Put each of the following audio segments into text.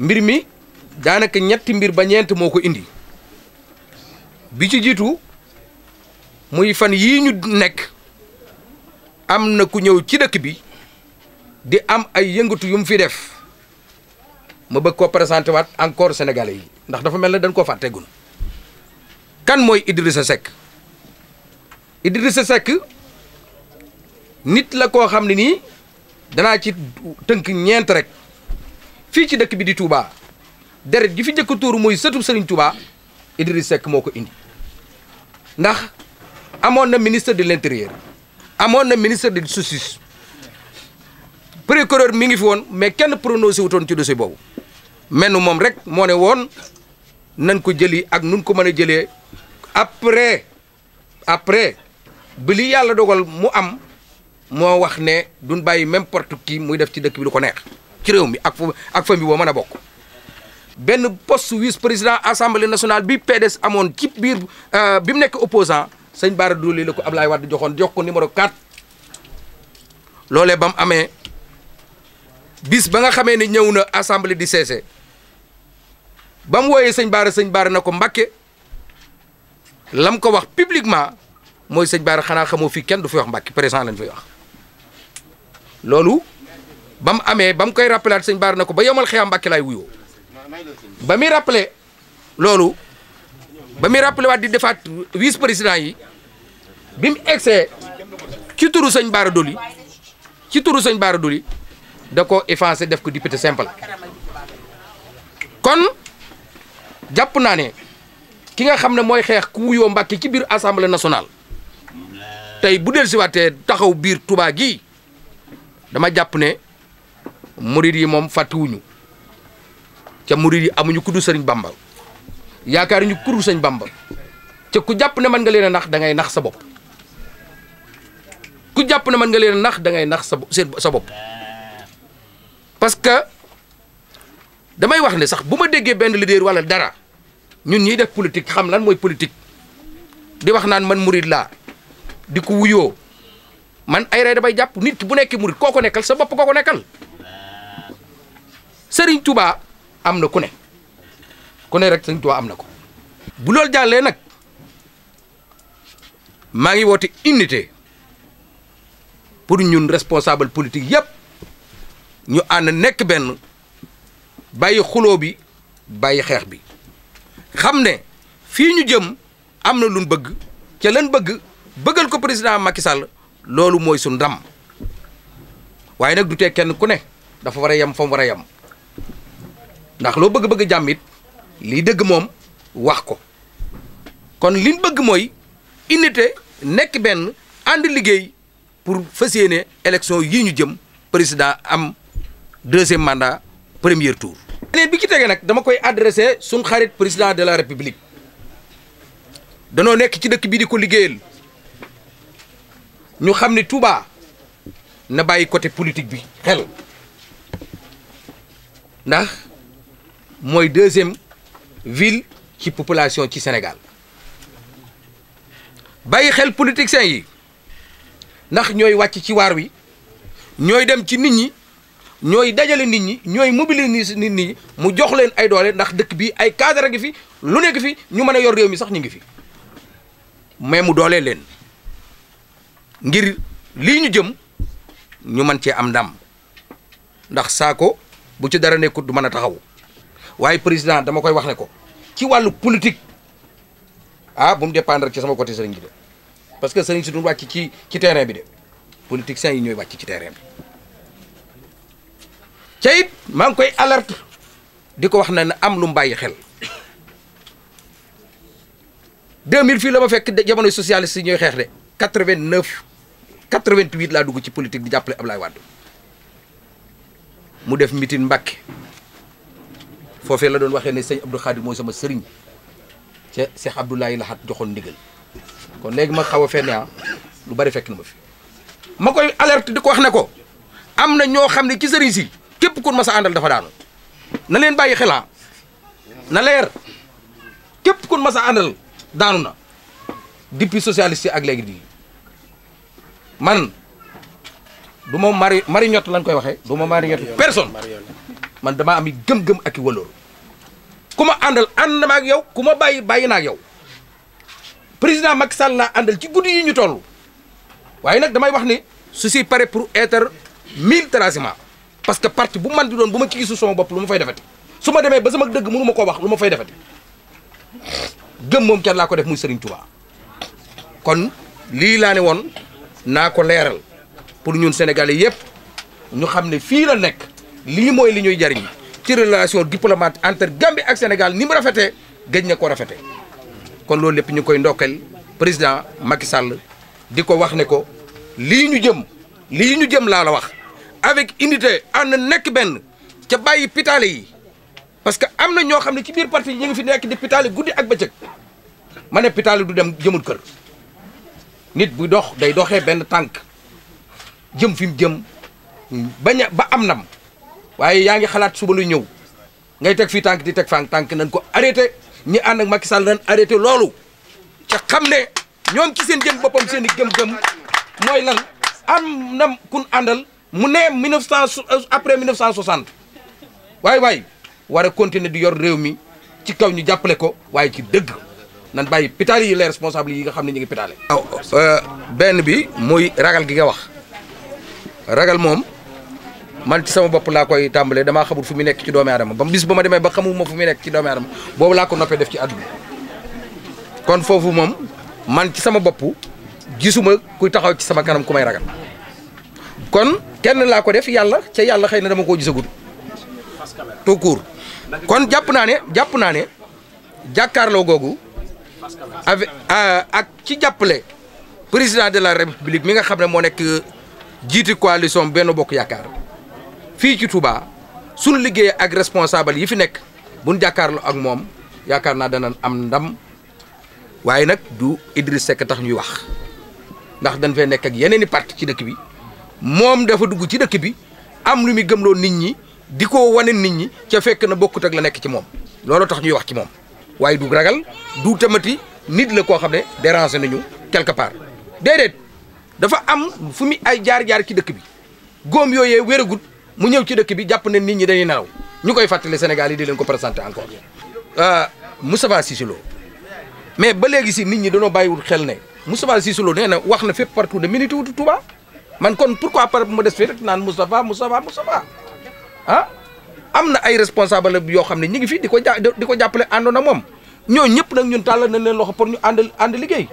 mbir mi danaka ñett mbir ba ñent moko indi bi ci jitu muy fan yi ñu nek am ku ñew ci dekk bi di am ay yëngatu yum fi def ma bëgg ko présenter wat encore sénégalais yi ndax dafa melni dañ ko faté gun kan moy Idrissa sek, Idrissa sek, nit la ko xamni ni dana ci teunk ñent rek fii ci dëkk bi di Touba deret gi fi njëkk tuuru muy sëtu Serigne Touba Idriss Seck moo ko indi ndax amoon na ministre de l'intérieur amoon na ministre de justice procureur mi ngi fi woon mais kenn prononcé wutoon ci dossier boobu menn moom rek moo ne woon nañ ko jëli ak nun ko mën a jëlee après après bi li yàlla dogal mu am moo wax ne dun bàyyi n'importe qui muy def ci dëkk bi lu ko neex ci réew mi ak ak famille boo mën a bokk benn poste vice président assemblée nationale bi PDS amoon ci biir euh, bi mu nekk opposant sañ Bara Dolly la ko Ablaye Wade joxoon jox ko numéro 4 loolee ba mu amee bis ba nga xamee ne ñëw na assemblée di CC ba mu wooyee sëñ Bara sëñ Bara na ko Mbàkke lam ko wax publiquement mooy sëñ Bara xanaa xamoo fii kenn du fi wax Mbàkke président lañ fi wax loolu ba mu amee ba mu koy rappelé at sëñ na ko ba yomal xiyam Mbàkke laay wuyoo ba muy rappelé loolu ba muy rappelé waat di defaat vice président yi bi mu egsee ci turu sëñ Baara Doli ci turu sëñ Baara Doli da ko effacé def ko député simple kon jàpp naa ne ki nga xam ne mooy xeex ku wuyoo Mbàkke ci biir assemblée nationale tey bu dellusiwaatee taxaw biir Touba gii dama jàpp ne. murid yi mom fatuñu ca murid yi amuñu kuddu serigne bamba yaakaar ñu kudu sëriñ bamba ca ku japp ne man nga leena nax da ngay nax sa bop ku japp ne man nga leena nax da ngay nax sa bop parce que damay wax ne sax buma déggé leader wala dara ñun ñi def politique xam lan moy politique di wax naan man murid la di ko wuyoo man ay da bay japp nit bu nekk murid koko nekkal sa bop koko nekkal sëriñ Touba am na ku ne ku ne rek Serigne Touba am na ko bu loolu jàllee nag maa ngi woote unité pour ñun responsable politique yépp ñu ànd nekk benn bàyyi xuloo bi bàyyi xeex bi xam ne fii ñu jëm am na luñ bëgg ca lan bëgg bëggal ko président Macky Sall loolu mooy suñ ndam waaye nag du tee kenn ku ne dafa war a yem fa war a yem ndax loo bëgg-bëgg jàmmit lii dëgg moom wax ko kon liñ bëgg mooy unité nekk benn ànd liggéey pour fas yéene élection yii ñu jëm président am deuxième mandat premier tour. beneen bi ci tege nag dama koy adressé suñ xarit président de la république danoo nekk ci dëkk bi di ko liggéeyal ñu xam ne Touba na bàyyi côté politique bi xel ndax. mooy deuxième ville ci population ci Sénégal bàyyi xel politiciens yi ndax ñooy wàcc ci waar wi ñooy dem ci nit ñi ñooy dajale nit ñi ñooy mobiliser nit ñi mu jox leen ay doole ndax dëkk bi ay cadre gi fi lu nekk fi ñu mën a yor réew mi sax ñu ngi fi mais mu doole leen ngir lii ñu jëm ñu mën cee am ndàmm ndax saako bu ci dara nekkut du mën a taxaw waaye président dama koy wax ne ko ci wàllu politique ah bu mu dépendre ci sama côté sëriñ bi parce que sëriñ si duñ wàcc ci ci terrain bi de politiciens yi ñooy wàcc ci terrain bi ca it maa ngi koy alert di ko wax na ne am lu mu bàyyi xel 2000 fii la ma fekk jamono socialiste yi ñooy xeex de 89 88 laa dugg ci politique di jàppale Ablaye Wade mu def mitin Mbàkke foofe la doon waxee ne sëñ Abdou Khadim mooy sama sëriñ ca Cheikh Abdoulaye Lahat joxoon ndigal kon léegi ma xaw a fenn ah, lu bari fekk na ma fi ma koy alerte di ko wax ne ko am na ñoo xam ne ki sëriñ si képp kon ma sa àndal dafa daanu na leen bàyyi xelaa ah. leer képp ku ma àndal daanu na depuis socialiste ak léegi di man du ma mari marioñette lañ koy waxee du ma marioñette personne man dama am gem gem ak wëlor kuma andal and ma ak yow kuma bayyi bayyi na ak yow president Macky Sall la andal ci goudi yi ñu toll waye nak damay wax ni ceci paré pour être mille tracement parce que parti bu man di doon buma ci gisu sama bop luma fay defati suma démé ba sama deug mënuma ko wax luma fay defati gem mom la ko def muy serigne touba kon li la ne won na ko leral pour ñun sénégalais yépp ñu xamné fi la nek lii mooy li ñuy jariñ ci relation diplomate entre Gambie ak Sénégal ni mu rafetee gëj na ko rafete kon loolu lépp ñu koy ndokkeel président Macky Sall di ko wax ne ko lii ñu jëm lii ñu jëm laa la wax avec unité ànd nekk benn ca bàyyi pitaale yi parce que am na ñoo xam ne ci biir parti ñu ngi fi nekk di pitaale guddi ak bëccëg ma ne pitaale du dem jëmul kër nit buy dox day doxe benn tànk jëm fi mu jëm bañ ba am nam waye yaangi xalat suba lu ñew ngay tek fi tank di tek fank tank nañ ko arrêté ñi and ak Macky Sall nañ arrêté lolu ci xam ñom ci seen jëm bopam seen gëm-gëm moy lan am nam kun andal mu ne 1900 euh, après 1960 waay waay wara a continuer di yor rew mi ci kaw ñu jappalé ko waaye ci deug nan bàyyi pitali yi les responsables yi nga xamni ñi ngi pitalé euh ben bi moy ragal gi nga wax ragal mom. man ci sama bopp laa koy tàmbalee dama xamul fu mu nekk ci doomi aadama ba bis ba ma demee ba xamuma fu mu nekk ci doomi aadama boobu laa ko noppee def ci àdduna kon foofu moom man ci sama bopp gisuma kuy taxaw ci sama kanam ku may ragal kon kenn laa ko def yàlla ca yàlla xëy na dama koo gisagul tout court kon jàpp naa ne jàpp naa ne jàkkaarloo googu avec euh, ak ci jàppale président de la république mi nga xam ne moo nekk jiiti coalition benn bokk yaakaar fii ci Touba sunu liggéey ak responsable yi fi nekk bu nu jàkkaarloo ak moom yaakaar naa dana am ndam waaye nag du Idriss tax ñuy wax ndax dañ fee nekk ak yeneen i parti ci dëkk bi moom dafa dugg ci dëkk bi am lu muy gëmloo nit ñi di ko wane nit ñi ca fekk na bokkut ak la nekk ci moom loolu tax ñuy wax ci moom waaye du ragal du tamati nit la koo xam ne déranger nañu quelque part déedéet dafa am fu mu ay jaar-jaar ci dëkk bi góom yooyee wéragut mu ñew ci dëkk bi japp ne nit ñi dañuy naaw ñukoy fàttali Sénégal yi di leen ko présenter encore euh, Moustapha Cissé mais ba léegi si nit ñi dañoo bàyyiwul xel ne Moustapha Cissé nee na wax na fépp partout ne minute wut Touba man kon pourquoi par mu des fi rek naan Moustapha Moustapha Moustapha ah am ay responsable yoo xam ne ñu ngi fi di ko ja di ko jàppale àndoon na moom ñoo ñëpp nag ñun tàllal nañ leen loxo pour ñu ànd ànd liggéey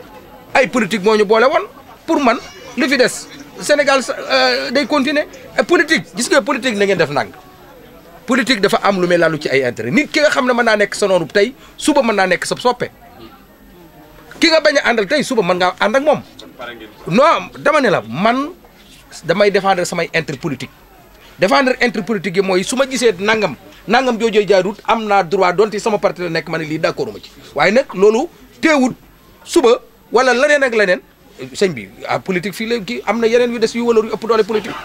ay politique moo boole woon pour man li fi des Sénégal euh, day continuer politique gis nga politique na ngeen def nang politique dafa am lu melalu mana ci ay intérêt nit ki nga xam man na nek sa noonu tay suba man na nek sa soppé ki nga baña andal tay suba man nga and ak mom non dama ne la man damay défendre samay intérêt politique défendre intérêt politique moy suma gisé nangam nangam jojo jaarut amna droit donti sama parti nek man li ne d'accord ma ci waaye nak lolu teewut suba wala lenen ak lenen sëñ bi ah fii la kii am na yeneen yu des yu wala yu ëpp doole politique.